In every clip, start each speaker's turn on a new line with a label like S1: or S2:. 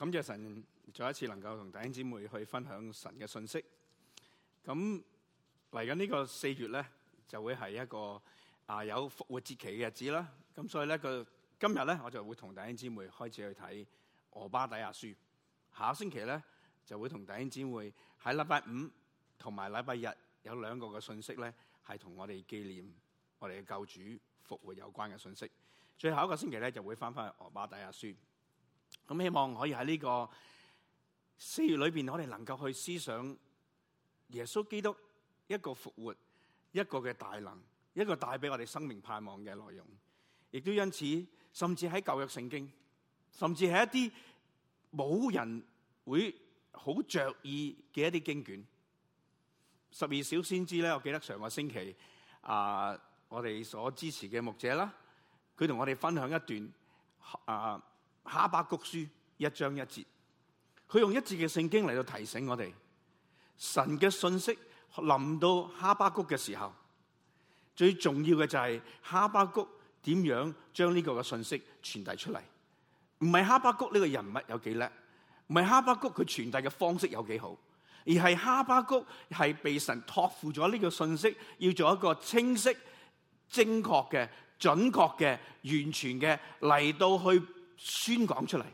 S1: 感謝神再一次能夠同弟兄姊妹去分享神嘅信息。咁嚟緊呢個四月咧，就會係一個啊、呃、有復活節期嘅日子啦。咁所以咧，佢今日咧，我就會同弟兄姊妹開始去睇俄巴底亞書。下一星期咧，就會同弟兄姊妹喺禮拜五同埋禮拜日有兩個嘅信息咧，係同我哋紀念我哋嘅救主復活有關嘅信息。最後一個星期咧，就會翻返去俄巴底亞書。咁希望可以喺呢個四月裏邊，我哋能夠去思想耶穌基督一個復活，一個嘅大能，一個帶俾我哋生命盼望嘅內容。亦都因此，甚至喺舊約聖經，甚至係一啲冇人會好着意嘅一啲經卷。十二小先知呢，我記得上個星期啊，我哋所支持嘅牧者啦，佢同我哋分享一段啊。哈巴谷書一章一節，佢用一節嘅聖經嚟到提醒我哋，神嘅信息臨到哈巴谷嘅時候，最重要嘅就係哈巴谷點樣將呢個嘅信息傳遞出嚟。唔係哈巴谷呢個人物有幾叻，唔係哈巴谷佢傳遞嘅方式有幾好，而係哈巴谷係被神託付咗呢個信息，要做一個清晰、正確嘅、準確嘅、完全嘅嚟到去。宣講出嚟，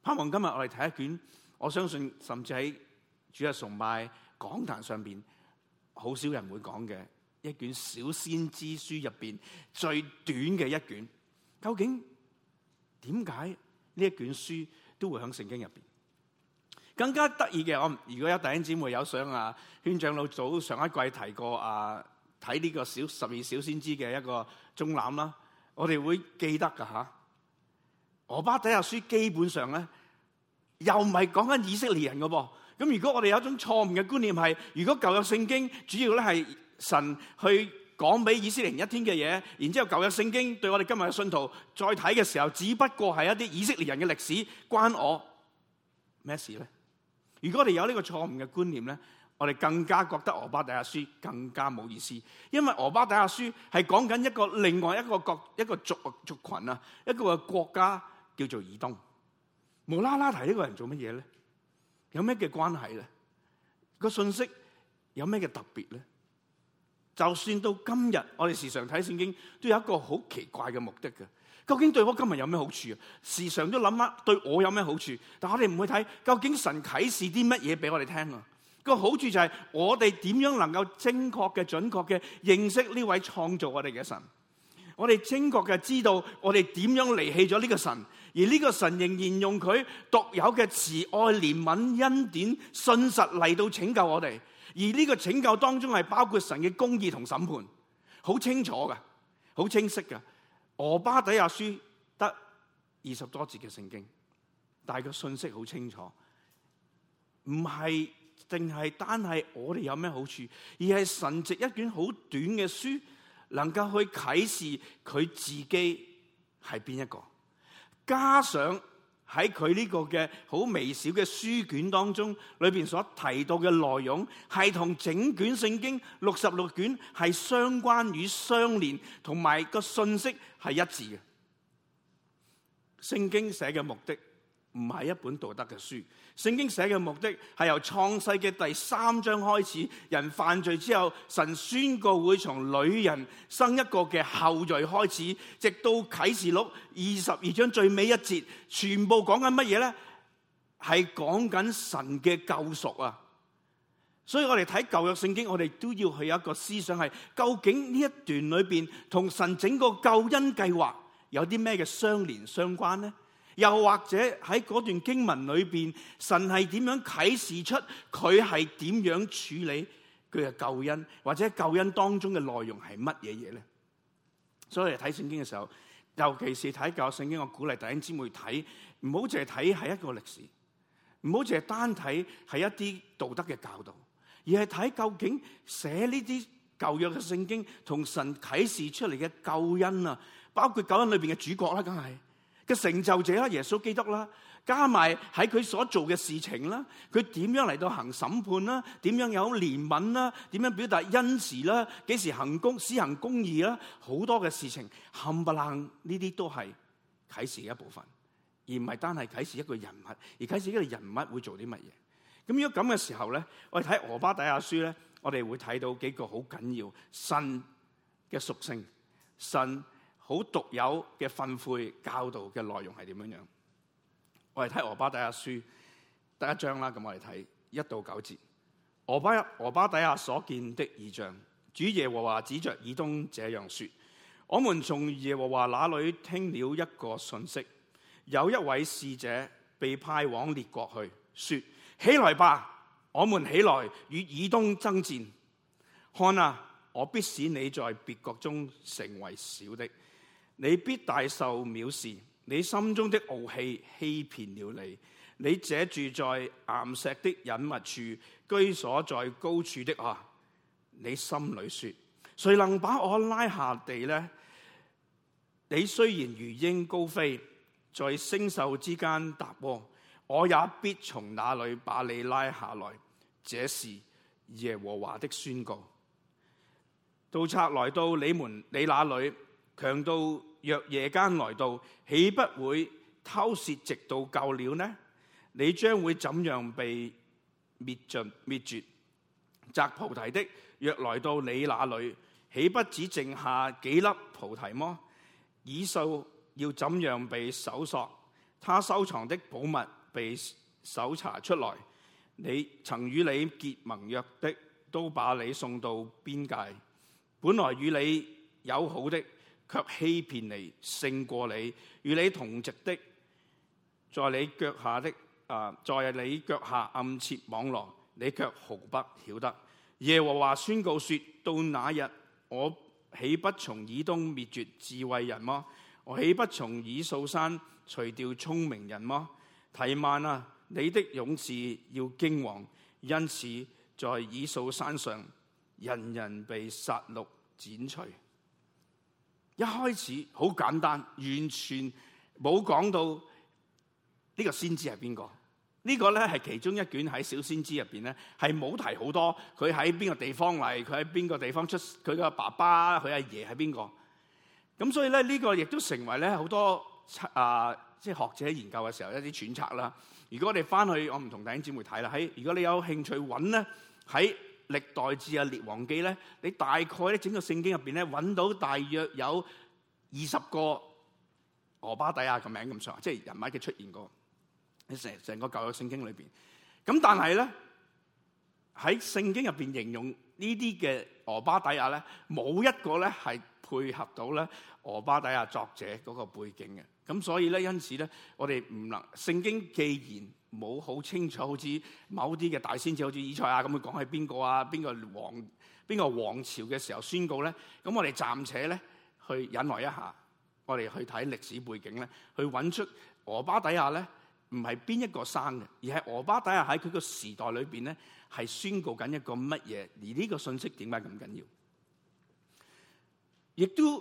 S1: 盼望今日我哋睇一卷，我相信甚至喺主日崇拜講壇上邊，好少人會講嘅一卷小先知書入邊最短嘅一卷，究竟點解呢一卷書都會喺聖經入邊？更加得意嘅，我如果有弟兄姊妹有想啊，勸長老早上一季提過啊，睇呢個小十二小先知嘅一個綜覽啦，我哋會記得噶吓。《俄巴底亞書》基本上咧，又唔係講緊以色列人噶噃。咁如果我哋有一種錯誤嘅觀念，係如果舊約聖經主要咧係神去講俾以色列人一天嘅嘢，然之後舊約聖經對我哋今日嘅信徒再睇嘅時候，只不過係一啲以色列人嘅歷史，關我咩事咧？如果我哋有呢個錯誤嘅觀念咧，我哋更加覺得《俄巴底亞書》更加冇意思，因爲《俄巴底亞書》係講緊一個另外一個國、一個族族群啊，一個國家。叫做以東，無啦啦提呢個人做乜嘢咧？有咩嘅關係咧？個信息有咩嘅特別咧？就算到今日，我哋時常睇聖經，都有一個好奇怪嘅目的嘅。究竟對我今日有咩好處啊？時常都諗下對我有咩好處？但我哋唔會睇究竟神啟示啲乜嘢俾我哋聽啊。個好處就係我哋點樣能夠精確嘅、準確嘅認識呢位創造我哋嘅神。我哋精確嘅知道我哋點樣離棄咗呢個神。而呢個神仍然用佢獨有嘅慈愛、憐憫、恩典、信實嚟到拯救我哋，而呢個拯救當中係包括神嘅公義同審判，好清楚嘅，好清晰嘅。俄巴底亞書得二十多節嘅聖經，但係個信息好清楚，唔係淨係單係我哋有咩好處，而係神藉一卷好短嘅書，能夠去啟示佢自己係邊一個。加上喺佢呢個嘅好微小嘅書卷當中，裏面所提到嘅內容係同整卷聖經六十六卷係相關與相連，同埋個信息係一致嘅。聖經寫嘅目的。唔係一本道德嘅書，聖經寫嘅目的係由創世嘅第三章開始，人犯罪之後，神宣告會從女人生一個嘅後裔開始，直到啟示錄二十二章最尾一節，全部講緊乜嘢咧？係講緊神嘅救贖啊！所以我哋睇舊約聖經，我哋都要去一個思想係，係究竟呢一段裏邊同神整個救恩計劃有啲咩嘅相連相關呢？又或者喺嗰段經文裏邊，神係點樣啟示出佢係點樣處理佢嘅救恩，或者救恩當中嘅內容係乜嘢嘢咧？所以嚟睇聖經嘅時候，尤其是睇舊約聖經，我鼓勵弟兄姊妹睇，唔好淨係睇係一個歷史，唔好淨係單睇係一啲道德嘅教導，而係睇究竟寫呢啲舊約嘅聖經同神啟示出嚟嘅救恩啊，包括救恩裏邊嘅主角啦，梗係。的成就者啦，耶穌基督啦，加埋喺佢所做嘅事情啦，佢點樣嚟到行審判啦，點樣有憐憫啦，點樣表達恩慈啦，幾時行公施行公義啦，好多嘅事情冚唪唥呢啲都係啟示嘅一部分，而唔係單係啟示一個人物，而啟示一個人物會做啲乜嘢。咁如果咁嘅時候咧，我哋睇《俄巴底亞書》咧，我哋會睇到幾個好緊要的神嘅屬性，神。好獨有嘅訓誨教導嘅內容係點樣樣？我哋睇俄巴底亞書第一章啦，咁我哋睇一到九節。俄巴俄巴底亞所見的異象，主耶和華指着以東這樣說：我們從耶和華那裏聽了一個信息，有一位使者被派往列國去，說：起來吧，我們起來與以東爭戰。看啊，我必使你在別國中成為小的。你必大受藐視，你心中的傲氣欺騙了你。你這住在巖石的隱密處，居所在高處的啊，你心裏說：誰能把我拉下地呢？你雖然如鷹高飛，在星宿之間搭窩，我也必從那裏把你拉下來。這是耶和華的宣告。盜賊來到你們你那裏，強盜。若夜間來到，豈不會偷竊直到夠了呢？你將會怎樣被滅盡滅絕？摘葡萄的若來到你那裏，豈不只剩下幾粒葡萄麼？以掃要怎樣被搜索？他收藏的寶物被搜查出來。你曾與你結盟約的，都把你送到邊界。本來與你友好的。卻欺騙你，勝過你；與你同席的，在你腳下的啊、呃，在你腳下暗設網羅，你卻毫不曉得。耶和華宣告說：到那日，我豈不從以東滅絕智慧人麼？
S2: 我豈不
S1: 從以掃山除掉聰明人麼？提幔啊，你的勇士要驚惶，因此在以掃山上，人人被殺戮剪除。一開始好簡單，完全冇講到呢個先知係邊個？呢個咧係其中一卷喺《小先知》入邊咧，係冇提好多，佢喺邊個地方嚟，佢喺邊個地方，佢喺邊個地方出，佢個爸爸佢阿爺係邊個？咁所以咧呢個亦都成為咧好多啊即係學者研究嘅時候一啲揣測啦。如果你回去我哋翻去我唔同弟兄姊妹睇啦，喺如果你有興趣揾咧喺。歷代志啊、列王記咧，你大概咧整個聖經入邊咧，揾到大約有二十個俄巴底亞個名咁上下，即係人物嘅出現過，成成個，個舊約聖經裏邊。咁但係咧喺聖經入邊形容呢啲嘅俄巴底亞咧，冇一個咧係。配合到咧俄巴底亞作者嗰個背景嘅，咁所以咧，因此咧，我哋唔能聖經既然冇好清楚，好似某啲嘅大先知好似以賽亞咁去講，係邊個啊？邊個王？邊個王朝嘅時候宣告咧？咁我哋暫且咧去忍耐一下，我哋去睇歷史背景咧，去揾出俄巴底亞咧唔係邊一個生嘅，而係俄巴底亞喺佢個時代裏邊咧係宣告緊一個乜嘢？而呢個信息點解咁緊要？亦都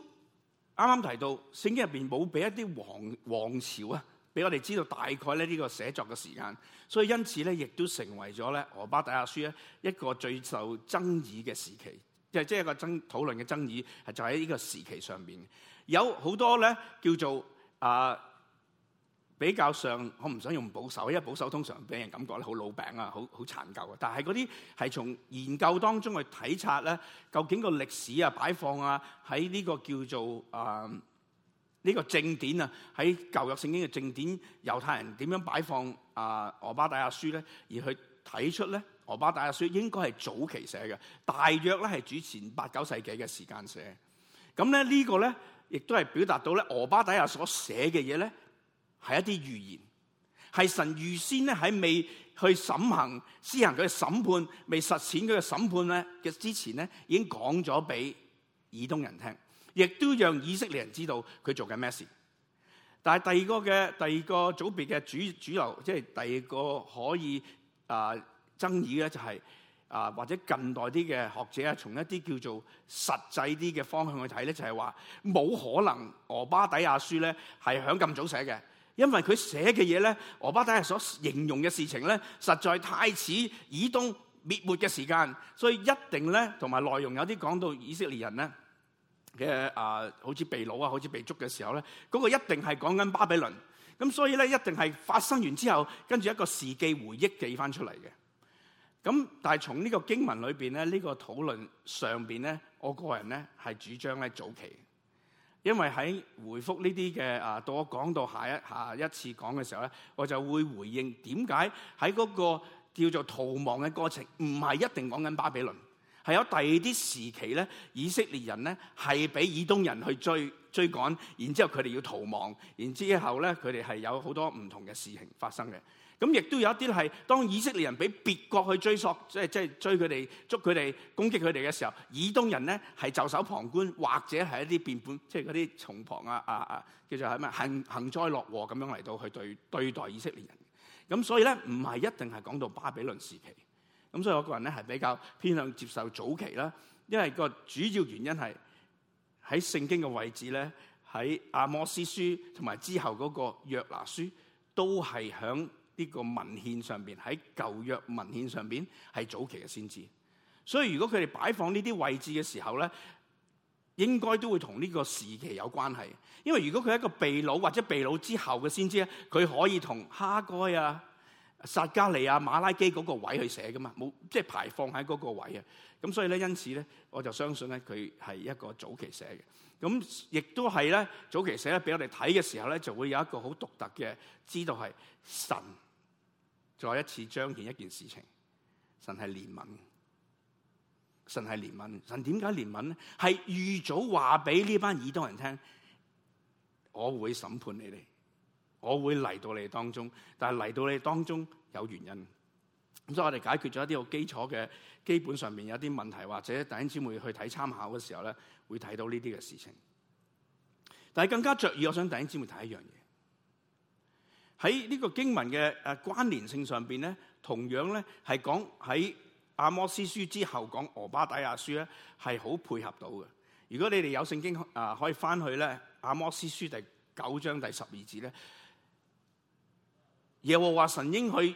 S1: 啱啱提到聖經入邊冇俾一啲王王朝啊，俾我哋知道大概咧呢個寫作嘅時間，所以因此咧，亦都成為咗咧《俄巴底亞書》咧一個最受爭議嘅時期，即係即係一個爭討論嘅爭議，係就喺、是、呢個時期上面，有好多咧叫做啊。呃比較上，我唔想用保守，因為保守通常俾人感覺咧好老餅啊，好好殘舊啊。但係嗰啲係從研究當中去體察咧，究竟個歷史啊擺放啊喺呢個叫做啊呢、呃呢個正典啊，喺舊約聖經嘅正典，猶太人點樣擺放啊、呃《俄巴底亞書》咧，而去睇出咧《俄巴底亞書》應該係早期寫嘅，大約咧係主前八九世紀嘅時間寫嘅。咁咧呢、呢個咧亦都係表達到咧《俄巴底亞》所寫嘅嘢咧。係一啲預言，係神預先咧喺未去審行施行佢嘅審判，未實踐佢嘅審判咧嘅之前咧，已經講咗俾以東人聽，亦都讓以色列人知道佢做緊咩事。但係第二個嘅第二個組別嘅主主流，即、就、係、是、第二個可以啊、呃、爭議咧、就是，就係啊或者近代啲嘅學者啊，從一啲叫做實際啲嘅方向去睇咧，就係話冇可能《俄巴底亞書》呢咧係響咁早寫嘅。因為佢寫嘅嘢咧，俄巴底所形容嘅事情咧，實在太似以東滅沒嘅時間，所以一定咧同埋內容有啲講到以色列人咧嘅啊，好似被擄啊，好似被捉嘅時候咧，嗰、那個一定係講緊巴比倫。咁所以咧，一定係發生完之後，跟住一個時紀回憶記翻出嚟嘅。咁但係從呢個經文裏邊咧，呢、這個討論上邊咧，我個人咧係主張咧早期。因為喺回覆呢啲嘅啊，到我講到下一下一次講嘅時候咧，我就會回應點解喺嗰個叫做逃亡嘅過程，唔係一定講緊巴比倫，係有第二啲時期咧，以色列人咧係俾以東人去追追趕，然之後佢哋要逃亡，然之後咧佢哋係有好多唔同嘅事情發生嘅。咁亦都有一啲係當以色列人俾別國去追索，即係即係追佢哋、捉佢哋、攻擊佢哋嘅時候，以東人咧係袖手旁觀，或者係一啲變本，即係嗰啲從旁啊啊啊，叫做係咩幸幸災樂禍咁樣嚟到去對對待以色列人。咁所以咧，唔係一定係講到巴比倫時期。咁所以我個人咧係比較偏向接受早期啦，因為個主要原因係喺聖經嘅位置咧，喺阿摩斯書同埋之後嗰個約拿書都係響。呢個文獻上邊，喺舊約文獻上邊係早期嘅先知，所以如果佢哋擺放呢啲位置嘅時候咧，應該都會同呢個時期有關係。因為如果佢係一個被擄或者被擄之後嘅先知咧，佢可以同哈該啊、撒迦利亞、馬拉基嗰個位去寫噶嘛，冇即係排放喺嗰個位啊。咁所以咧，因此咧，我就相信咧，佢係一個早期寫嘅。咁亦都係咧，早期寫咧俾我哋睇嘅時候咧，就會有一個好獨特嘅，知道係神再一次彰顯一件事情神神神神，神係憐憫。神係憐憫，神點解憐憫，咧？係預早話俾呢班以東人聽，我會審判你哋，我會嚟到你哋當中，但係嚟到你哋當中有原因。咁所以我哋解決咗一啲好基礎嘅基本上面有啲問題，或者弟兄姊妹去睇參考嘅時候咧，會睇到呢啲嘅事情。但係更加着意，我想弟兄姊妹睇一樣嘢。喺呢個經文嘅誒關聯性上面咧，同樣咧係講喺阿摩斯書之後講俄巴底亞書咧係好配合到嘅。如果你哋有聖經啊，可以翻去咧阿摩斯書第九章第十二節咧，耶和華神應許。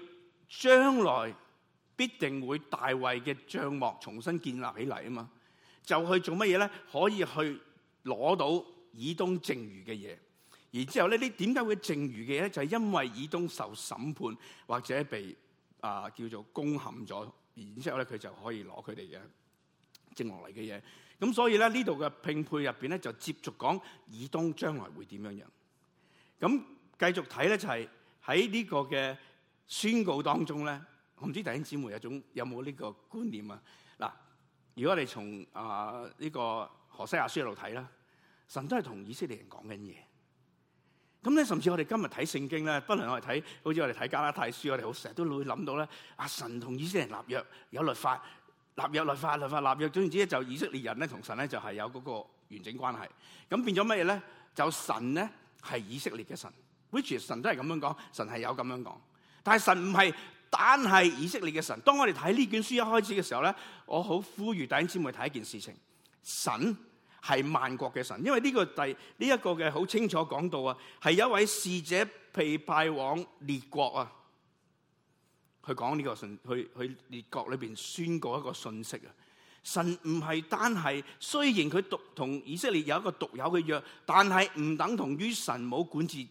S1: 將來必定會大衛嘅帳幕重新建立起嚟啊嘛，就去做乜嘢咧？可以去攞到以東剩餘嘅嘢，然之後咧，你點解會剩餘嘅嘢咧？就係、是、因為以東受審判或者被啊叫做攻陷咗，然之後咧，佢就可以攞佢哋嘅剩落嚟嘅嘢。咁所以咧，這裏的評裏面呢度嘅拼配入邊咧，就接續講以東將來會點樣樣。咁繼續睇咧就係喺呢個嘅。宣告當中咧，我唔知弟兄姊妹有種有冇呢個觀念啊？嗱，如果我哋從啊呢個何西亞書一路睇啦，神都係同以色列人講緊嘢。咁咧，甚至我哋今日睇聖經咧，不論我哋睇好似我哋睇加拉太書，我哋好成日都會諗到咧，啊神同以色列人立約有律法，立約律法律法立約，總言之咧，就以色列人咧同神咧就係有嗰個完整關係。咁變咗咩嘢咧？就神咧係以色列嘅神，which is, 神都係咁樣講，神係有咁樣講。但係神唔係單係以色列嘅神。當我哋睇呢卷書一開始嘅時候咧，我好呼籲弟兄姊妹睇一件事情：神係萬國嘅神，因為呢、呢個第呢一個嘅好清楚講到啊，係有一位使者被派往列國啊，去講呢個信去去列國裏邊宣告一個信息啊。神唔係單係，雖然佢獨同以色列有一個獨有嘅約，但係唔等同於神冇管治。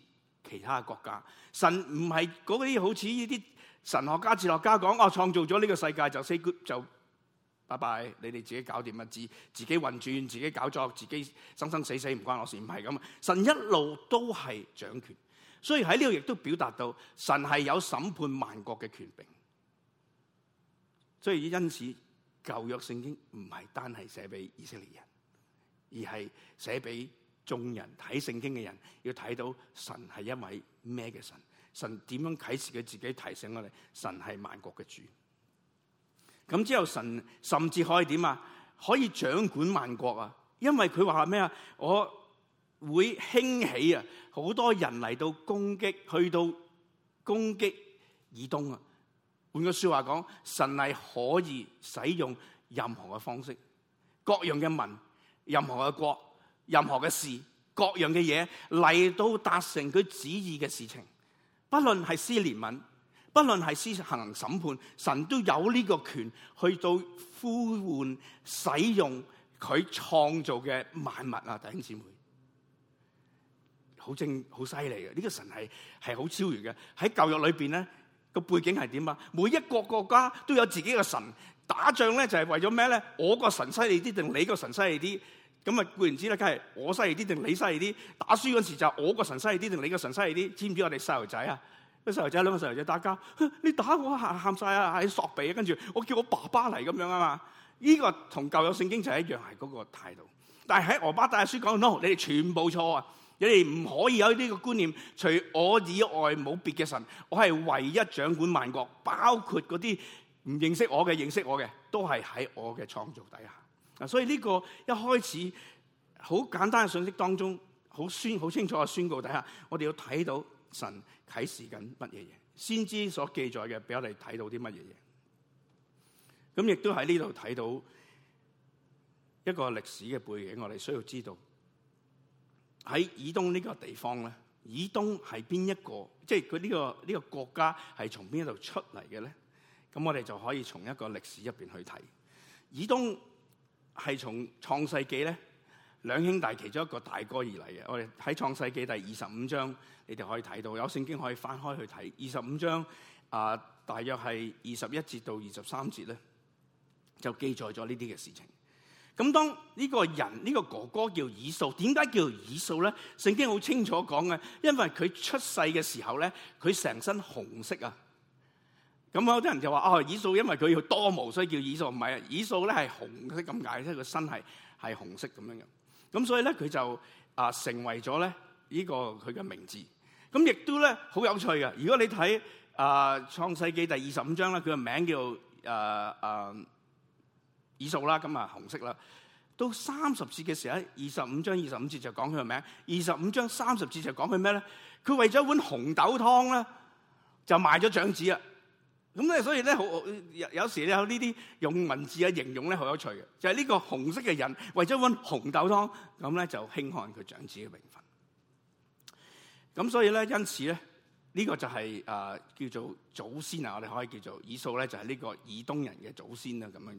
S1: 其他國家，神唔係嗰啲好似呢啲神學家、哲學家講，哦，創造咗呢個世界就 say good 就拜拜，你哋自己搞掂啊，自自己運轉、自己搞作、自己生生死死唔關我事，唔係咁。神一路都係掌權，所以喺呢度亦都表達到神係有審判萬國嘅權柄，所以因此舊約聖經唔係單係寫俾以色列人，而係寫俾眾人睇聖經嘅人要睇到神係一位咩嘅神？神點樣啟示佢自己提醒我哋？神係萬國嘅主。咁之後神甚至可以點啊？可以掌管萬國啊！因為佢話咩啊？我會興起啊，好多人嚟到攻擊，去到攻擊以東啊。換個說話講，神係可以使用任何嘅方式，各樣嘅民，任何嘅國。任何嘅事，各樣嘅嘢，嚟到達成佢旨意嘅事情，不論係施憐憫，不論係施行審判，神都有呢個權去到呼喚、使用佢創造嘅萬物啊！弟兄姊妹，好正、好犀利嘅呢個神係係好超越嘅。喺教育裏邊咧，個背景係點啊？每一個國家都有自己嘅神，打仗咧就係為咗咩咧？我個神犀利啲定你個神犀利啲？咁啊，固然之啦，梗係我犀利啲定你犀利啲？打輸嗰時就我個神犀利啲定你個神犀利啲？知唔知我哋細路仔啊？啲細路仔兩個細路仔打交，你打我喊晒啊，喺索鼻啊，跟住我叫我爸爸嚟咁樣啊嘛？呢個同舊有聖經就係一樣，係嗰個態度。但係喺俄巴大書講，no，你哋全部錯啊！你哋唔可以有呢個觀念，除我以外冇別嘅神，我係唯一掌管萬國，包括嗰啲唔認識我嘅、認識我嘅，都係喺我嘅創造底下。啊！所以呢個一開始好簡單嘅信息當中，好宣好清楚嘅宣告底下，我哋要睇到神啟示緊乜嘢嘢，先知所記載嘅俾我哋睇到啲乜嘢嘢。咁亦都喺呢度睇到一個歷史嘅背景，我哋需要知道喺以東呢個地方咧，以東係邊一個？即係佢呢個呢個國家係從邊度出嚟嘅咧？咁我哋就可以從一個歷史入邊去睇以東。係從創世紀咧，兩兄弟其中一個大哥而嚟嘅。我哋喺創世紀第二十五章，你哋可以睇到，有聖經可以翻開去睇。二十五章啊，大約係二十一節到二十三節咧，就記載咗呢啲嘅事情。咁當呢個人呢，呢個哥哥叫以掃，點解叫以掃咧？聖經好清楚講嘅，因為佢出世嘅時候咧，佢成身紅色啊。咁有啲人就話：哦，以掃，因為佢要多毛，所以叫以掃。唔係，以掃咧係紅色咁解，即係個身係係紅色咁樣嘅。咁所以咧，佢就啊成為咗咧呢個佢嘅名字。咁亦都咧好有趣嘅。如果你睇啊呃，《創世記》第二十五章啦，佢嘅名叫啊啊以掃啦，咁、呃、啊紅色啦。到三十節嘅時候，二十五章二十五節就講佢個名。二十五章三十節就講佢咩咧？佢為咗一碗紅豆湯咧，就賣咗長子啊！咁咧，所以咧，有時有時咧有呢啲用文字嘅形容咧，好有趣嘅，就係、是、呢個紅色嘅人為咗搵紅豆湯，咁咧就輕看佢長子嘅名分。咁所以咧，因此咧，呢、這個就係、是、啊、呃、叫做祖先啊，我哋可以叫做以掃咧，就係呢個以東人嘅祖先啦，咁樣樣。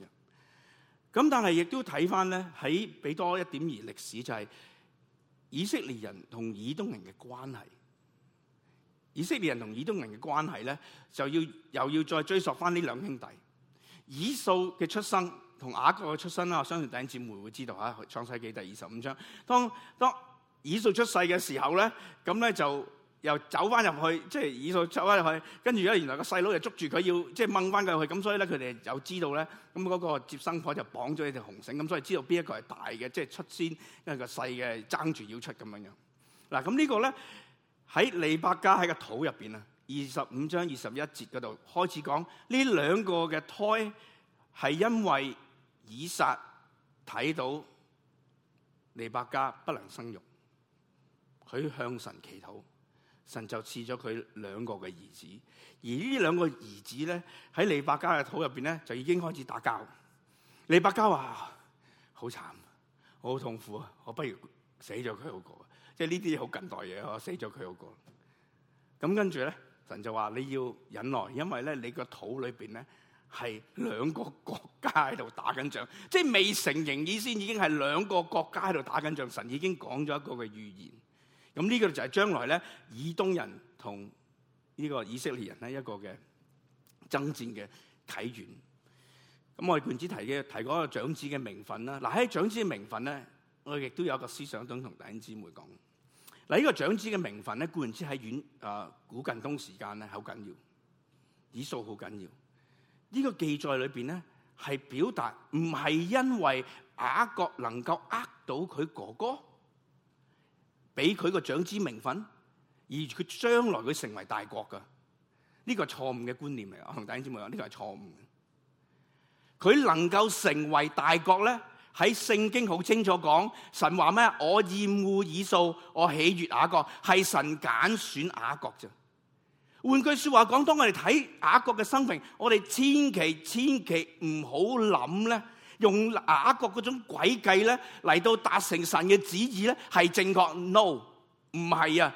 S1: 咁但係亦都睇返咧，喺畀多一點而歷史就係、是、以色列人同以東人嘅關係。以色列人同以東人嘅關係咧，就要又要再追溯翻呢兩兄弟。以掃嘅出生同雅各嘅出生啦，我相信弟兄姊妹會知道嚇，啊《創世紀》第二十五章。當當以掃出世嘅時候咧，咁咧就又走翻入去，即係以掃走翻入去，跟住如果原來個細佬就捉住佢要，即係掹翻佢入去，咁所以咧，佢哋又知道咧，咁嗰個接生婆就綁咗一條紅繩，咁所以知道邊一個係大嘅，即係出先，因為個細嘅爭住要出咁樣樣。嗱，咁呢個咧。喺利百加喺個肚入邊啊，二十五章二十一節度開始講呢兩個嘅胎係因為以撒睇到利百加不能生育，佢向神祈禱，神就賜咗佢兩個嘅兒子。而呢兩個兒子咧喺利百加嘅肚入邊咧就已經開始打交。利百加話：好慘，我好痛苦啊！我不如死咗佢好過。即係呢啲好近代嘢，我死咗佢好過。咁跟住咧，神就話你要忍耐，因為咧你個肚裏邊咧係兩個國家喺度打緊仗。即係未成形以前已經係兩個國家喺度打緊仗。神已經講咗一個嘅預言。咁、這、呢個就係將來咧，以東人同呢個以色列人咧一個嘅爭戰嘅起源。咁我哋唔止提嘅提嗰個長子嘅名分啦。嗱，喺長子嘅名分咧，我亦都有個思想等同弟兄姊妹講。嗱，呢個長子嘅名分咧，固然之喺遠、呃、古近東時間咧好緊要，以數好緊要。呢個記載裏面咧係表達唔係因為雅各能夠呃到佢哥哥，俾佢個長子名分，而佢將來會成為大國嘅，呢個錯誤嘅觀念嚟。我同大家姊妹講，呢個係錯誤嘅。佢能夠成為大國咧？喺聖經好清楚講，神話咩？我厭惡以掃，我喜悅雅各，係神揀選雅各啫。換句說話講，當我哋睇雅各嘅生命，我哋千祈千祈唔好諗咧，用雅各嗰種詭計咧嚟到達成神嘅旨意咧，係正確？No，唔係啊。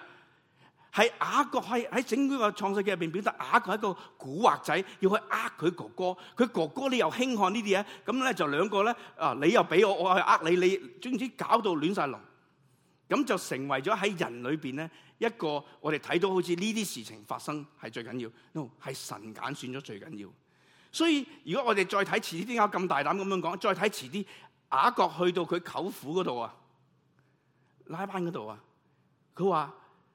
S1: 係雅各喺喺整個創世記入邊，表達雅各係一個蠱惑仔，要去呃佢哥哥，佢哥哥你又輕看呢啲嘢，咁咧就兩個咧，啊你又俾我，我去呃你，你總之搞到亂晒龍，咁就成為咗喺人裏邊咧一個我哋睇到好似呢啲事情發生係最緊要，no 係神揀選咗最緊要。所以如果我哋再睇遲啲點解咁大膽咁樣講，再睇遲啲雅各去到佢舅父嗰度啊，拉班嗰度啊，佢話。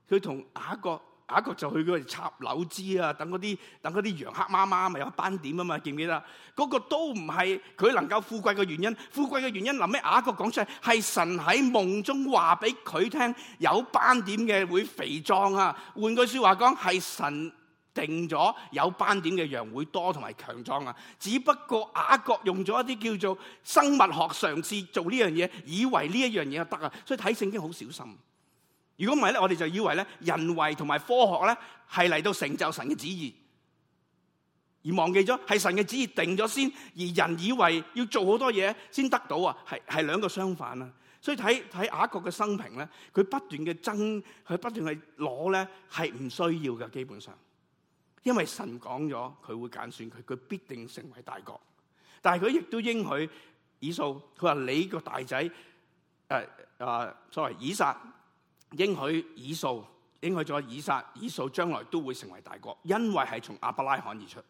S1: 佢同雅各，雅各就去嗰度插柳枝啊，等嗰啲等嗰啲羊黑媽媽咪有斑點啊嘛，記唔記得？嗰個都唔係佢能夠富貴嘅原因，富貴嘅原因臨尾雅各講出嚟係神喺夢中話俾佢聽，有斑點嘅會肥壯啊。換句說話講，係神定咗有斑點嘅羊會多同埋強壯啊。只不過雅各用咗一啲叫做生物學嘗試做呢樣嘢，以為呢一樣嘢就得啊，所以睇聖經好小心。如果唔係咧，我哋就以為咧，人為同埋科學咧係嚟到成就神嘅旨意，而忘記咗係神嘅旨意定咗先，而人以為要做好多嘢先得到啊，係係兩個相反啊。所以睇睇雅各嘅生平咧，佢不斷嘅爭，佢不斷去攞咧，係唔需要嘅基本上，因為神講咗佢會揀選佢，佢必定成為大國。但係佢亦都應許以掃，佢話你個大仔誒啊，sorry 以撒。應許以掃，應許咗以撒，以掃將來都會成為大國，因為係從亞伯拉罕而出，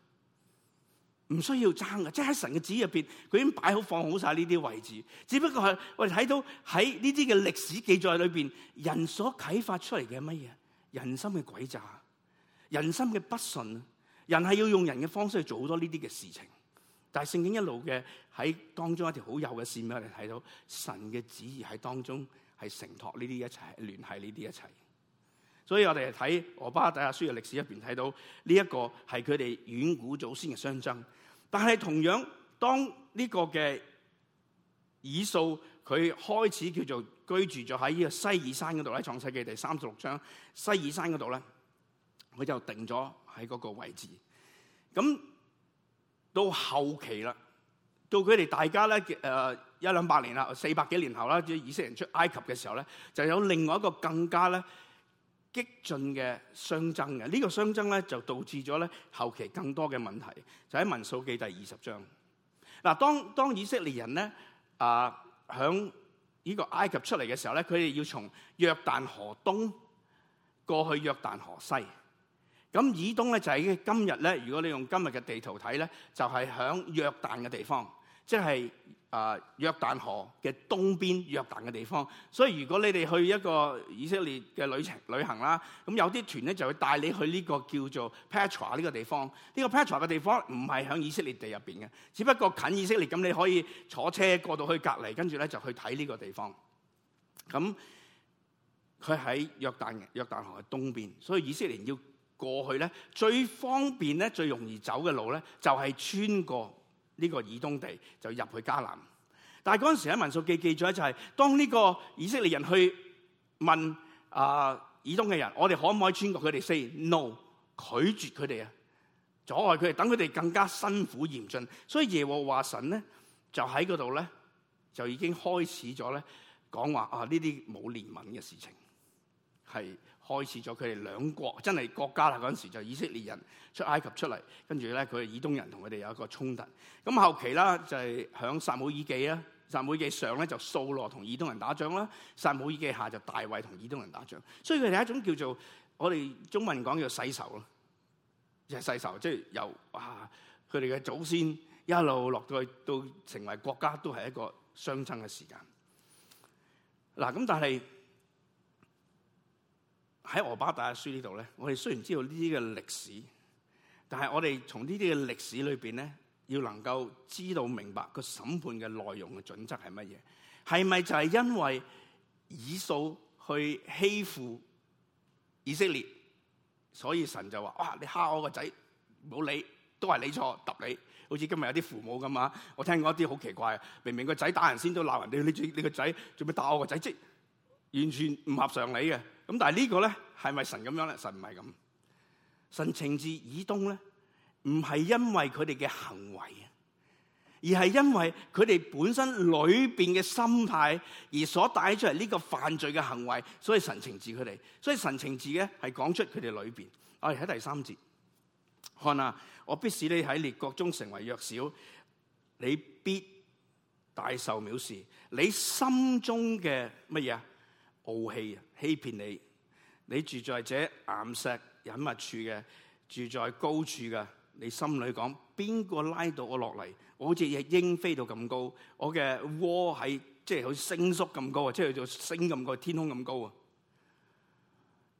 S1: 唔需要爭嘅，即係喺神嘅旨意入邊，佢已經擺好、放好晒呢啲位置。只不過係我哋睇到喺呢啲嘅歷史記載裏邊，人所啟發出嚟嘅乜嘢？人心嘅詭詐，人心嘅不順，人係要用人嘅方式去做好多呢啲嘅事情。但係聖經一路嘅喺當中一條好幼嘅線俾我哋睇到神嘅旨意喺當中。係承托呢啲一齊聯繫呢啲一齊，所以我哋睇《俄巴底亞書》嘅歷史入邊睇到呢一個係佢哋遠古祖先嘅相爭，但係同樣當呢個嘅以掃佢開始叫做居住咗喺呢個西珥山嗰度咧，創世記第三十六章西珥山嗰度咧，佢就定咗喺嗰個位置。咁到後期啦。到佢哋大家咧，誒一兩百年啦，四百幾年後啦，啲以色列人出埃及嘅時候咧，就有另外一個更加咧激進嘅相爭嘅。呢個相爭咧就導致咗咧後期更多嘅問題，就喺民數記第二十章。嗱，當當以色列人咧啊響呢個埃及出嚟嘅時候咧，佢哋要從約旦河東過去約旦河西。咁以東咧就係、是、今日咧，如果你用今日嘅地圖睇咧，就係、是、喺約旦嘅地方，即係啊約旦河嘅東邊約旦嘅地方。所以如果你哋去一個以色列嘅旅程旅行啦，咁有啲團咧就會帶你去呢個叫做 Petra 呢個地方。呢、這個 Petra 嘅地方唔係喺以色列地入邊嘅，只不過近以色列，咁你可以坐車過到去隔離，跟住咧就去睇呢個地方。咁佢喺約旦約旦河嘅東邊，所以以色列要過去咧最方便咧最容易走嘅路咧，就係、是、穿過呢個以東地就入去迦南。但係嗰陣時喺民數記記載就係、是，當呢個以色列人去問啊、呃、以東嘅人，我哋可唔可以穿過佢哋？Say no，拒絕佢哋啊，阻礙佢哋，等佢哋更加辛苦嚴峻。所以耶和華神咧就喺嗰度咧就已經開始咗咧講話啊呢啲冇憐憫嘅事情係。開始咗佢哋兩國真係國家啦，嗰陣時就以色列人出埃及出嚟，跟住咧佢哋以東人同佢哋有一個衝突。咁後期啦，就係響撒母耳記啦。撒母耳記上咧就掃羅同以東人打仗啦，撒母耳記下就大衛同以東人打仗。所以佢哋一種叫做我哋中文講叫世仇咯，就係世仇，即係由哇佢哋嘅祖先一路落到去到成為國家都係一個相爭嘅時間。嗱，咁但係。喺《俄巴底亞書》呢度咧，我哋雖然知道呢啲嘅歷史，但係我哋從呢啲嘅歷史裏邊咧，要能夠知道明白個審判嘅內容嘅準則係乜嘢？係咪就係因為以掃去欺負以色列，所以神就話：哇！你蝦我個仔，冇理，都係你錯揼你。好似今日有啲父母咁啊！我聽過一啲好奇怪，明明個仔打人先，都鬧人哋，你你個仔做咩打我個仔？即完全唔合常理嘅。咁但係呢個咧係咪神咁樣咧？神唔係咁，神懲治以東咧，唔係因為佢哋嘅行為，而係因為佢哋本身裏邊嘅心態而所帶出嚟呢個犯罪嘅行為所，所以神懲治佢哋。所以神懲治咧係講出佢哋裏邊。我哋喺第三節，看啊，我必使你喺列國中成為弱小，你必大受藐視。你心中嘅乜嘢？傲氣啊，欺騙你！你住在這岩石隱密處嘅，住在高處嘅，你心裏講：邊個拉到我落嚟？我好似隻鷹飛到咁高，我嘅窩喺即係好似升縮咁高啊！即係就升咁個天空咁高啊！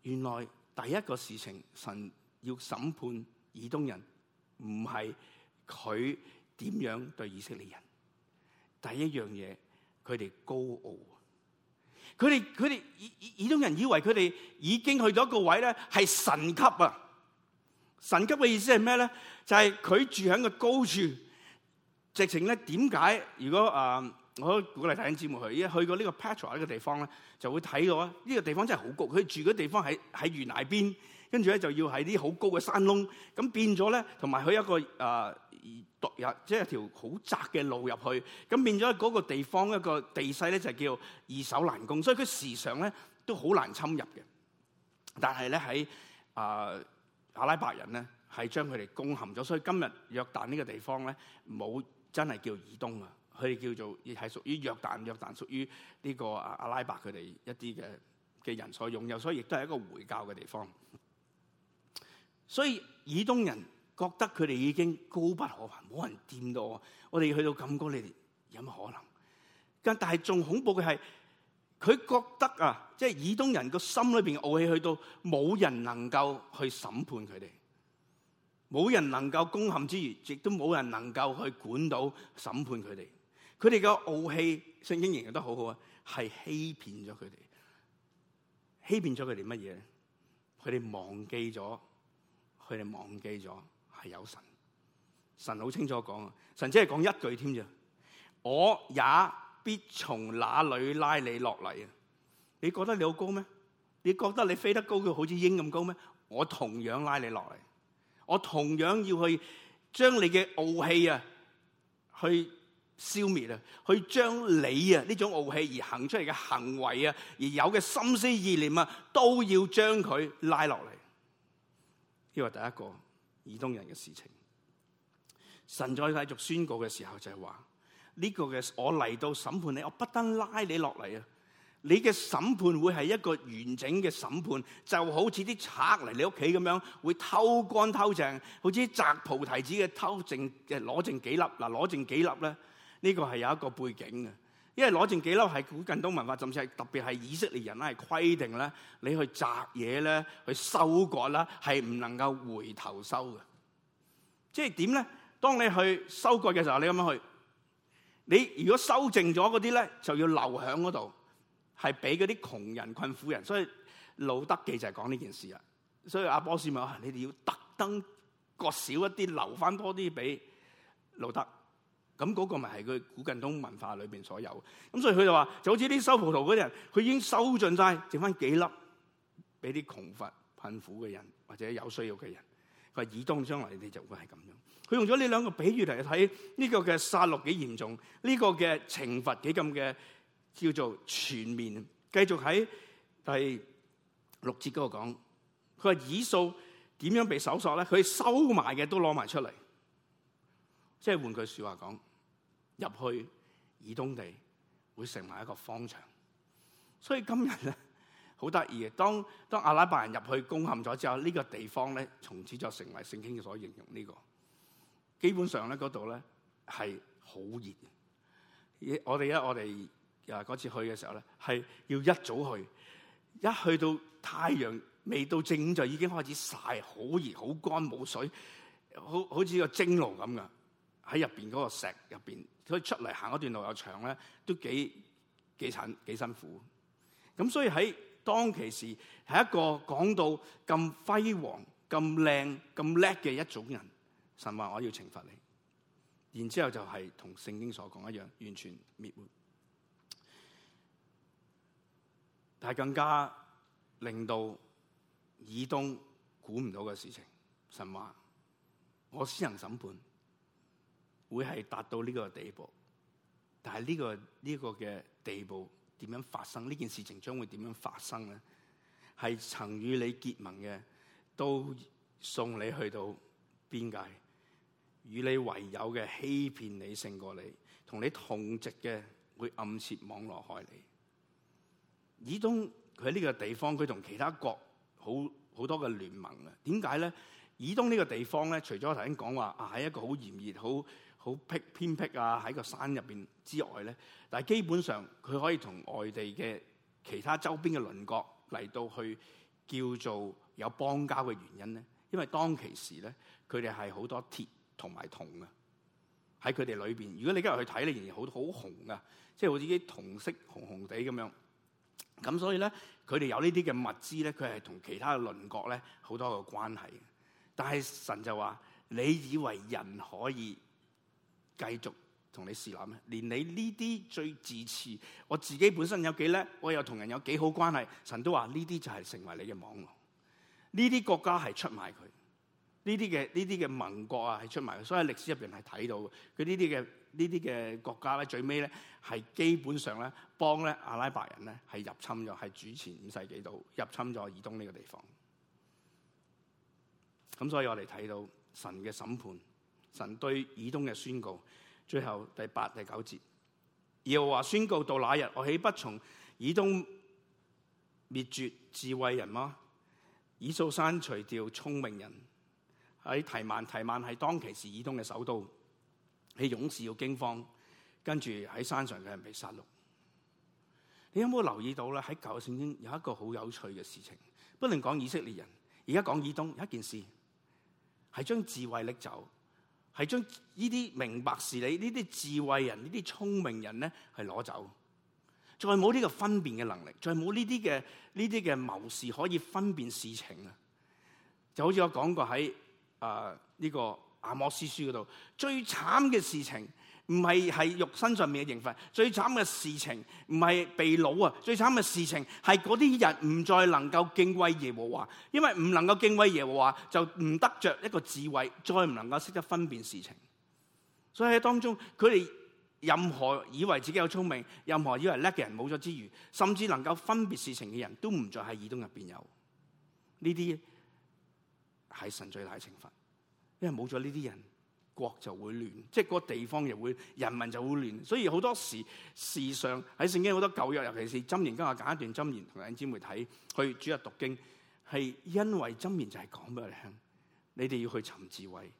S1: 原來第一個事情，神要審判以東人，唔係佢點樣對以色列人。第一樣嘢，佢哋高傲。佢哋佢哋以以東人以為佢哋已經去咗一個位咧，係神級啊！神級嘅意思係咩咧？就係、是、佢住喺個高處，直情咧，點解？如果啊、呃，我鼓勵弟兄姊妹去，去過呢個 Petra 呢個地方咧，就會睇到啊！呢、這個地方真係好高，佢住嘅地方喺喺懸崖邊。跟住咧就要喺啲好高嘅山窿，咁變咗咧，同埋佢一個誒獨入，即係條好窄嘅路入去，咁變咗嗰個地方一個地勢咧就叫易守難攻，所以佢時常咧都好難侵入嘅。但係咧喺啊阿拉伯人咧係將佢哋攻陷咗，所以今日約旦呢個地方咧冇真係叫以東啊，佢哋叫做係屬於約旦，約旦屬於呢個啊阿拉伯佢哋一啲嘅嘅人所擁有，所以亦都係一個回教嘅地方。所以以東人覺得佢哋已經高不可攀，冇人掂到我。我哋去到咁高，你哋有乜可能？咁但係仲恐怖嘅係，佢覺得啊，即係以東人個心裏邊傲氣去到冇人能夠去審判佢哋，冇人能夠攻陷之餘，而亦都冇人能夠去管到審判佢哋。佢哋嘅傲氣，聖經形容得好好啊，係欺騙咗佢哋，欺騙咗佢哋乜嘢？佢哋忘記咗。佢哋忘記咗係有神，神好清楚講啊，神只係講一句添啫，我也必從那裡拉你落嚟啊。你覺得你好高咩？你覺得你飛得高嘅好似鷹咁高咩？我同樣拉你落嚟，我同樣要去將你嘅傲氣啊，去消滅啊，去將你啊呢種傲氣而行出嚟嘅行為啊，而有嘅心思意念啊，都要將佢拉落嚟。呢個係第一個以東人嘅事情，神再繼續宣告嘅時候就係話：呢個嘅我嚟到審判你，我不得拉你落嚟啊！你嘅審判會係一個完整嘅審判，就好似啲賊嚟你屋企咁樣，會偷乾偷淨，好似摘菩提子嘅偷剩，誒攞剩幾粒嗱，攞剩幾粒咧，呢個係有一個背景嘅。因為攞剩幾粒係古近東文化，甚至係特別係以色列人咧，係規定咧，你去摘嘢咧，去收割啦，係唔能夠回頭收嘅。即係點咧？當你去收割嘅時候，你咁樣去，你如果修正咗嗰啲咧，就要留喺嗰度，係俾嗰啲窮人困苦人。所以路得記就係講呢件事啊。所以阿波斯咪話，你哋要特登割少一啲，留翻多啲俾路得。咁個咪係佢古近東文化裏邊所有，咁所以佢就話就好似啲收葡萄啲人，佢已經收盡晒，剩翻幾粒俾啲窮乏貧苦嘅人或者有需要嘅人。佢話以東將來你哋就會係咁樣，佢用咗呢兩個比喻嚟，睇呢個嘅殺戮幾嚴重，呢個嘅懲罰幾咁嘅叫做全面。繼續喺第六節嗰度講，佢話以掃點樣被搜索咧？佢收埋嘅都攞埋出嚟。即係換句説話講，入去以東地會成為一個方場，所以今日咧好得意嘅，當當阿拉伯人入去攻陷咗之後，呢、這個地方咧從此就成為聖經所形容呢、這個。基本上咧嗰度咧係好熱嘅，我哋一我哋啊嗰次去嘅時候咧係要一早去，一去到太陽未到正午就已經開始曬，好熱好乾冇水，好好似個蒸爐咁嘅。喺入邊嗰個石入邊，所以出嚟行嗰段路又長咧，都幾幾慘、幾辛苦。咁所以喺當其時係一個講到咁輝煌、咁靚、咁叻嘅一種人，神話我要懲罰你，然之後就係同聖經所講一樣，完全滅活。但係更加令到以東估唔到嘅事情，神話我私人審判。會係達到呢個地步，但係呢、呢個呢、呢個嘅地步點樣發生？呢件事情將會點樣發生咧？係曾與你結盟嘅，都送你去到邊界；與你為友嘅，欺騙你勝過你；同你同席嘅，會暗設網絡害你。以東佢喺呢個地方，佢同其他國好好多嘅聯盟啊？點解咧？以東呢個地方咧，除咗我頭先講話係一個好炎熱、好……好僻偏僻啊！喺個山入邊之外咧，但係基本上佢可以同外地嘅其他周邊嘅鄰國嚟到去叫做有邦交嘅原因咧，因為當其時咧佢哋係好多鐵同埋銅啊，喺佢哋裏邊。如果你今日去睇咧，仍然好好紅啊，即係好似啲銅色紅紅地咁樣。咁所以咧，佢哋有這些呢啲嘅物資咧，佢係同其他嘅鄰國咧好多個關係。但係神就話：你以為人可以？繼續同你試諗咧，連你呢啲最自持，我自己本身有幾叻，我又同人有幾好關係，神都話呢啲就係成為你嘅網羅。呢啲國家係出賣佢，呢啲嘅呢啲嘅盟國啊係出賣佢，所以喺歷史入邊係睇到佢呢啲嘅呢啲嘅國家咧，最尾咧係基本上咧幫咧阿拉伯人咧係入侵咗，係主前五世紀度入侵咗以東呢個地方。咁所以我哋睇到神嘅審判。神對以東嘅宣告，最後第八第九節要話宣告到那日，我豈不從以東滅絕智慧人嗎？以掃山除掉聰明人，喺提曼，提曼係當其時以東嘅首都，喺勇士要驚慌，跟住喺山上嘅人被殺戮。你有冇留意到咧？喺舊聖經有一個好有趣嘅事情，不論講以色列人而家講以東，有一件事係將智慧拎走。係將呢啲明白事理、呢啲智慧人、呢啲聰明人咧係攞走，再冇呢個分辨嘅能力，再冇呢啲嘅呢啲嘅謀士可以分辨事情啊！就好似我講過喺啊呢個阿摩司書嗰度最慘嘅事情。唔係係肉身上面嘅刑罰，最慘嘅事情唔係被擄啊，最慘嘅事情係啲人唔再能夠敬畏耶和華，因為唔能夠敬畏耶和華，就唔得着一個智慧，再唔能夠識得分辨事情。所以喺當中，佢哋任何以為自己有聰明，任何以為叻嘅人冇咗之餘，甚至能夠分別事情嘅人都唔再喺以東入邊有呢啲，係神最大嘅懲罰，因為冇咗呢啲人。國就會亂，即係個地方又會，人民就會亂。所以好多時，時常喺聖經好多舊約，尤其是箴言，言，今日揀一段箴言同弟兄姊妹睇，去主日讀經，係因為箴言就係講俾我哋聽，你哋要去尋智慧，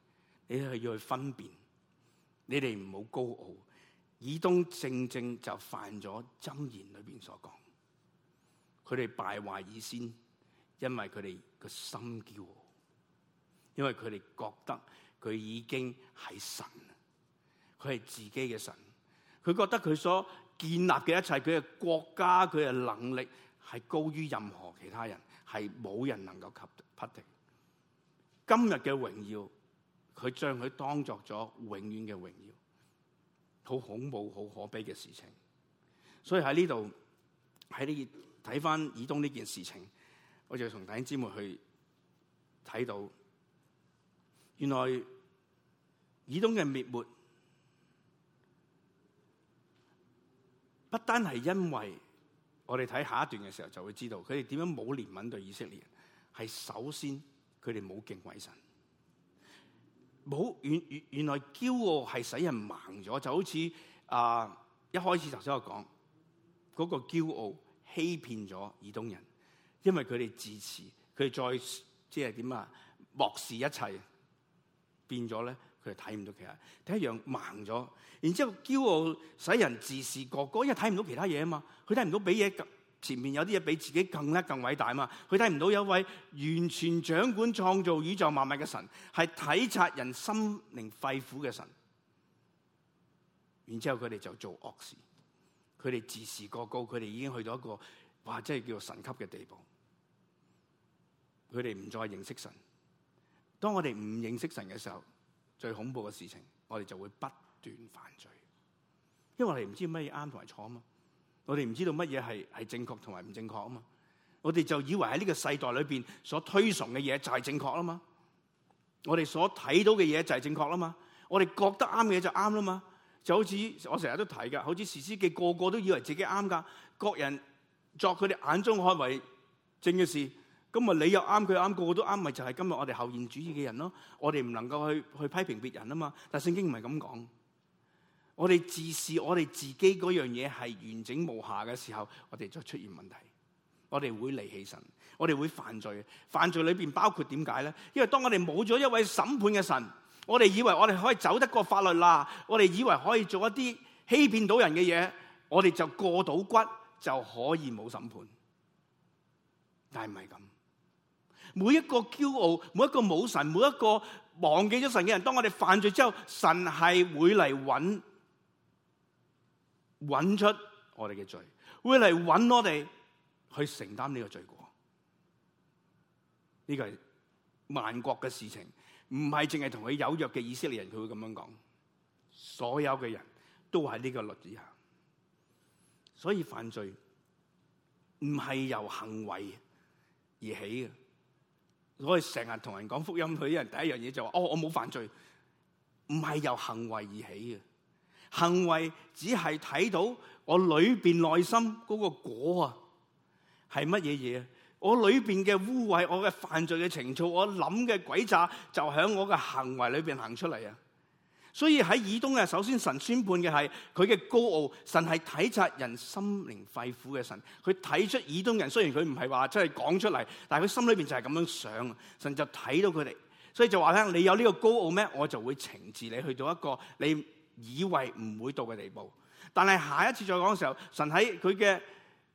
S1: 你係要去分辨，你哋唔好高傲。以東正正就犯咗箴言裏邊所講，佢哋敗壞以先，因為佢哋個心驕傲，因為佢哋覺得。佢已經係神，神，佢係自己嘅神。佢覺得佢所建立嘅一切，佢嘅國家，佢嘅能力係高於任何其他人，係冇人能夠及匹敵。今日嘅榮耀，佢將佢當作咗永遠嘅榮耀。好恐怖，好可悲嘅事情。所以喺呢度，喺呢睇返以東呢件事情，我就同弟兄姊妹去睇到，原來。以東嘅滅沒不單係因為我哋睇下一段嘅時候，就會知道佢哋點樣冇憐憫對以色列人，係首先佢哋冇敬畏神，冇原原原來驕傲係使人盲咗，就好似啊、呃、一開始頭先我講嗰、那個驕傲欺騙咗以東人，因為佢哋自恃佢哋再即係點啊漠視一切變咗咧。佢哋睇唔到其他，第一樣盲咗，然之後驕傲使人自視過高，因為睇唔到其他嘢啊嘛，佢睇唔到俾嘢，前面有啲嘢比自己更叻、更偉大啊嘛，佢睇唔到有一位完全掌管創造宇宙萬物嘅神，係體察人心靈肺腑嘅神。然之後佢哋就做惡事，佢哋自視過高，佢哋已經去到一個哇，真係叫做神級嘅地步。佢哋唔再認識神。當我哋唔認識神嘅時候，最恐怖嘅事情，我哋就會不斷犯罪，因為我哋唔知乜嘢啱同埋錯啊嘛！我哋唔知道乜嘢係係正確同埋唔正確啊嘛！我哋就以為喺呢個世代裏邊所推崇嘅嘢就係正確啦嘛！我哋所睇到嘅嘢就係正確啦嘛！我哋覺得啱嘅嘢就啱啦嘛！就好似我成日都提㗎，好似士師記個個都以為自己啱噶，各人作佢哋眼中看為正嘅事。咁啊，你又啱佢啱，個個都啱，咪就係今日我哋後現代主義嘅人咯？我哋唔能夠去去批評別人啊嘛，但聖經唔係咁講。我哋自視我哋自己嗰樣嘢係完整無瑕嘅時候，我哋就出現問題。我哋會離棄神，我哋會犯罪。犯罪裏邊包括點解咧？因為當我哋冇咗一位審判嘅神，我哋以為我哋可以走得過法律啦，我哋以為可以做一啲欺騙到人嘅嘢，我哋就過到骨就可以冇審判。但係唔係咁。每一個驕傲，每一個冇神，每一個忘記咗神嘅人，當我哋犯罪之後，神係會嚟揾，揾出我哋嘅罪，會嚟揾我哋去承擔呢個罪過。呢、這個係萬國嘅事情，唔係淨係同佢有約嘅以色列人，佢會咁樣講。所有嘅人都喺呢個律之下，所以犯罪唔係由行為而起嘅。所以成日同人講福音，佢啲人第一樣嘢就話、是：哦，我冇犯罪，唔係由行為而起嘅。行為只係睇到我裏邊內心嗰個果啊，係乜嘢嘢？我裏邊嘅污穢，我嘅犯罪嘅情操，我諗嘅鬼詐，就喺我嘅行為裏邊行出嚟啊！所以喺以東嘅，首先神宣判嘅係佢嘅高傲。神係體察人心靈肺腑嘅神，佢睇出以東人雖然佢唔係話真係講出嚟，但係佢心裏邊就係咁樣想。神就睇到佢哋，所以就話聽，你有呢個高傲咩？我就會懲治你去到一個你以為唔會到嘅地步。但係下一次再講嘅時候，神喺佢嘅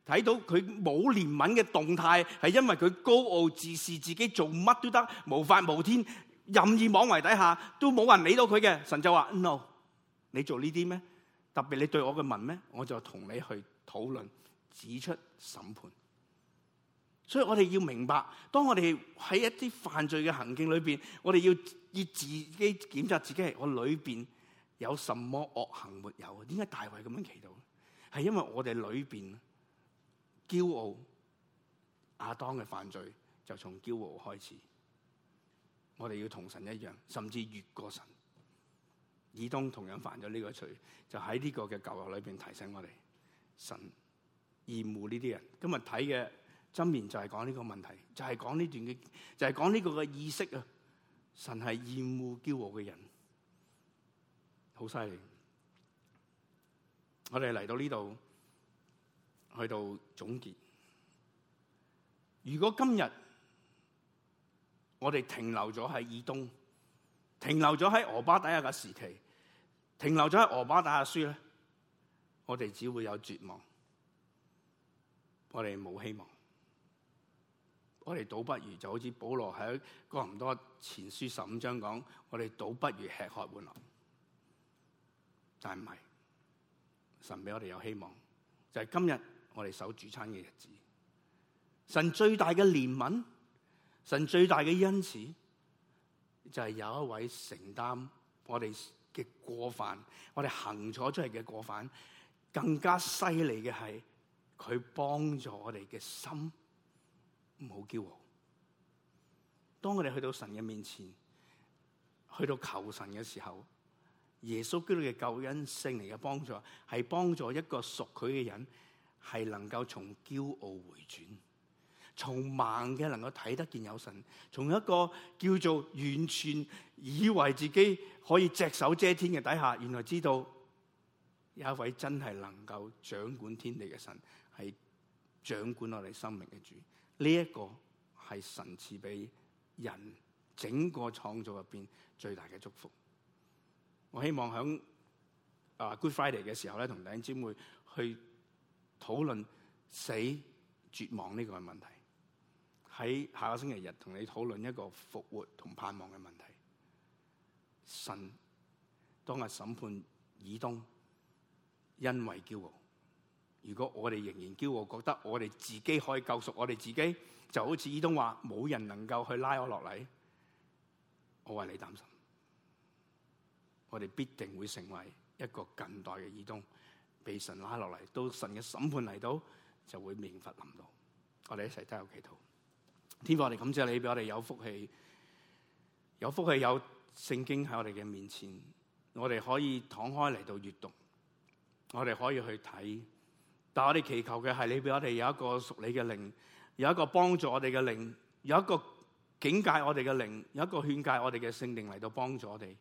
S1: 睇到佢冇憐憫嘅動態，係因為佢高傲自是，自己做乜都得，無法無天。任意妄為底下都冇人理到佢嘅，神就話：No，你做呢啲咩？特別你對我嘅問咩？我就同你去討論、指出、審判。所以我哋要明白，當我哋喺一啲犯罪嘅行徑裏邊，我哋要要自己檢查自己係我裏邊有什麼惡行沒有？點解大衛咁樣祈禱？係因為我哋裏邊驕傲，亞當嘅犯罪就從驕傲開始。我哋要同神一樣，甚至越過神。以東同樣犯咗呢個罪，就喺呢個嘅教育裏邊提醒我哋，神厭惡呢啲人。今日睇嘅箴言就係講呢個問題，就係講呢段嘅，就係講呢個嘅意識啊。神係厭惡驕傲嘅人，好犀利。我哋嚟到呢度，去到總結。如果今日，我哋停留咗喺以東，停留咗喺俄巴底亞嘅時期，停留咗喺俄巴底亞書咧，我哋只會有絕望，我哋冇希望，我哋倒不如就好似保羅喺哥林多前書十五章講，我哋倒不如吃喝玩樂，但係唔係，神俾我哋有希望，就係、是、今日我哋守主餐嘅日子，神最大嘅憐憫。神最大嘅恩賜就係、是、有一位承擔我哋嘅過犯，我哋行錯出嚟嘅過犯，更加犀利嘅係佢幫助我哋嘅心唔好驕傲。當我哋去到神嘅面前，去到求神嘅時候，耶穌基督嘅救恩聖靈嘅幫助，係幫助一個屬佢嘅人，係能夠從驕傲回轉。從盲嘅能夠睇得見有神，從一個叫做完全以為自己可以隻手遮天嘅底下，原來知道有一位真係能夠掌管天地嘅神，係掌管我哋生命嘅主。呢一個係神賜俾人整個創造入邊最大嘅祝福。我希望響啊 Good Friday 嘅時候咧，同弟兄姊妹去討論死、絕望呢個問題。喺下個星期日同你討論一個復活同盼望嘅問題。神當日審判以東，因為驕傲。如果我哋仍然驕傲，覺得我哋自己可以救贖我哋自己，就好似以東話冇人能夠去拉我落嚟，我為你擔心。我哋必定會成為一個近代嘅以東，被神拉落嚟到神嘅審判嚟到，就會刑罰臨到。我哋一齊都有祈禱。天父，我哋感謝你俾我哋有福氣，有福氣有聖經喺我哋嘅面前，我哋可以敞開嚟到閱讀，我哋可以去睇。但係我哋祈求嘅係你俾我哋有一個屬你嘅靈，有一個幫助我哋嘅靈，有一個警戒我哋嘅靈，有一個勸誡我哋嘅聖靈嚟到幫助我哋，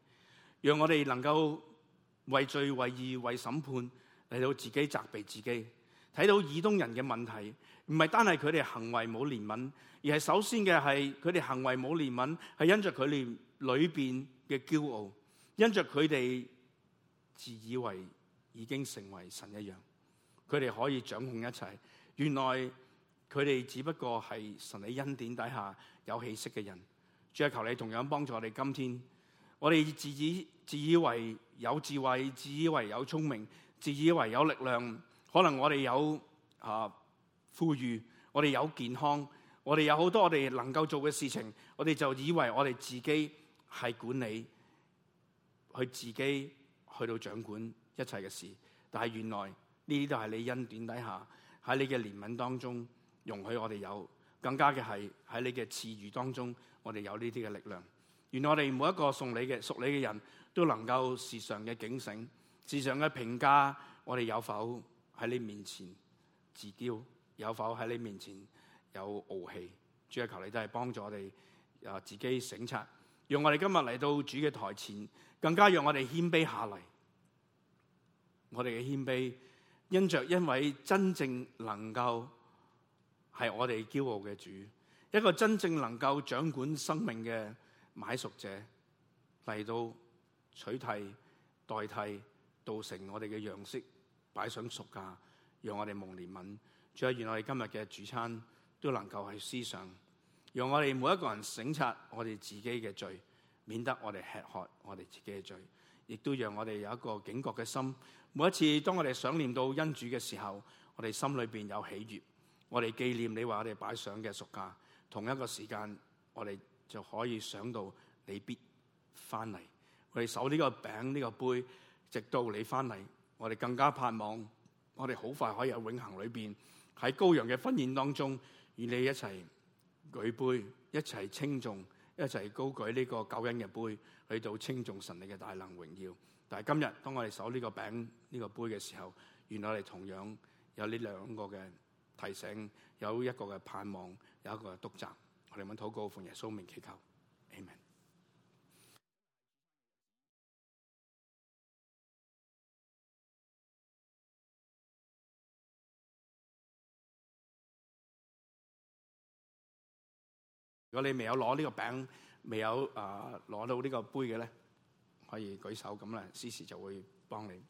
S1: 讓我哋能夠為罪、為義、為審判嚟到自己責備自己。睇到以東人嘅問題，唔係單係佢哋行為冇憐憫，而係首先嘅係佢哋行為冇憐憫，係因着佢哋裏邊嘅驕傲，因着佢哋自以為已經成為神一樣，佢哋可以掌控一切。原來佢哋只不過係神喺恩典底下有氣息嘅人。主啊，求你同樣幫助我哋今天，我哋自以自以為有智慧，自以為有聰明，自以為有力量。可能我哋有啊，富裕，我哋有健康，我哋有好多我哋能夠做嘅事情，我哋就以為我哋自己係管理佢自己去到掌管一切嘅事。但係原來呢啲都係你恩典底下，喺你嘅憐憫當中容許我哋有更加嘅係，喺你嘅賜予當中，我哋有呢啲嘅力量。原來我哋每一個送你嘅屬你嘅人都能夠時常嘅警醒，時常嘅評價，我哋有否？喺你面前自驕，有否喺你面前有傲氣？主啊，求你都係幫助我哋啊，自己省察，讓我哋今日嚟到主嘅台前，更加讓我哋謙卑下嚟。我哋嘅謙卑，因着一位真正能夠係我哋驕傲嘅主，一個真正能夠掌管生命嘅買贖者嚟到取替、代替，到成我哋嘅樣式。擺上贖價，讓我哋蒙憐憫，仲有原來我哋今日嘅主餐都能夠去思想，讓我哋每一個人省察我哋自己嘅罪，免得我哋吃喝我哋自己嘅罪，亦都讓我哋有一個警覺嘅心。每一次當我哋想念到恩主嘅時候，我哋心裏邊有喜悅。我哋紀念你話我哋擺上嘅贖價，同一個時間我哋就可以想到你必翻嚟。我哋守呢個餅呢個杯，直到你翻嚟。我哋更加盼望，我哋好快可以在永恒裏邊喺羔羊嘅婚宴當中，與你一齊舉杯，一齊稱頌，一齊高舉呢個救恩嘅杯，去到稱頌神力嘅大能榮耀。但係今日當我哋守呢個餅呢個杯嘅時候，原來我哋同樣有呢兩個嘅提醒，有一個嘅盼望，有一個嘅督責，我哋揾禱告奉耶穌名祈求。如果你未有攞呢個餅，未有啊攞到呢個杯的咧，可以舉手咁啦，司事就會幫你。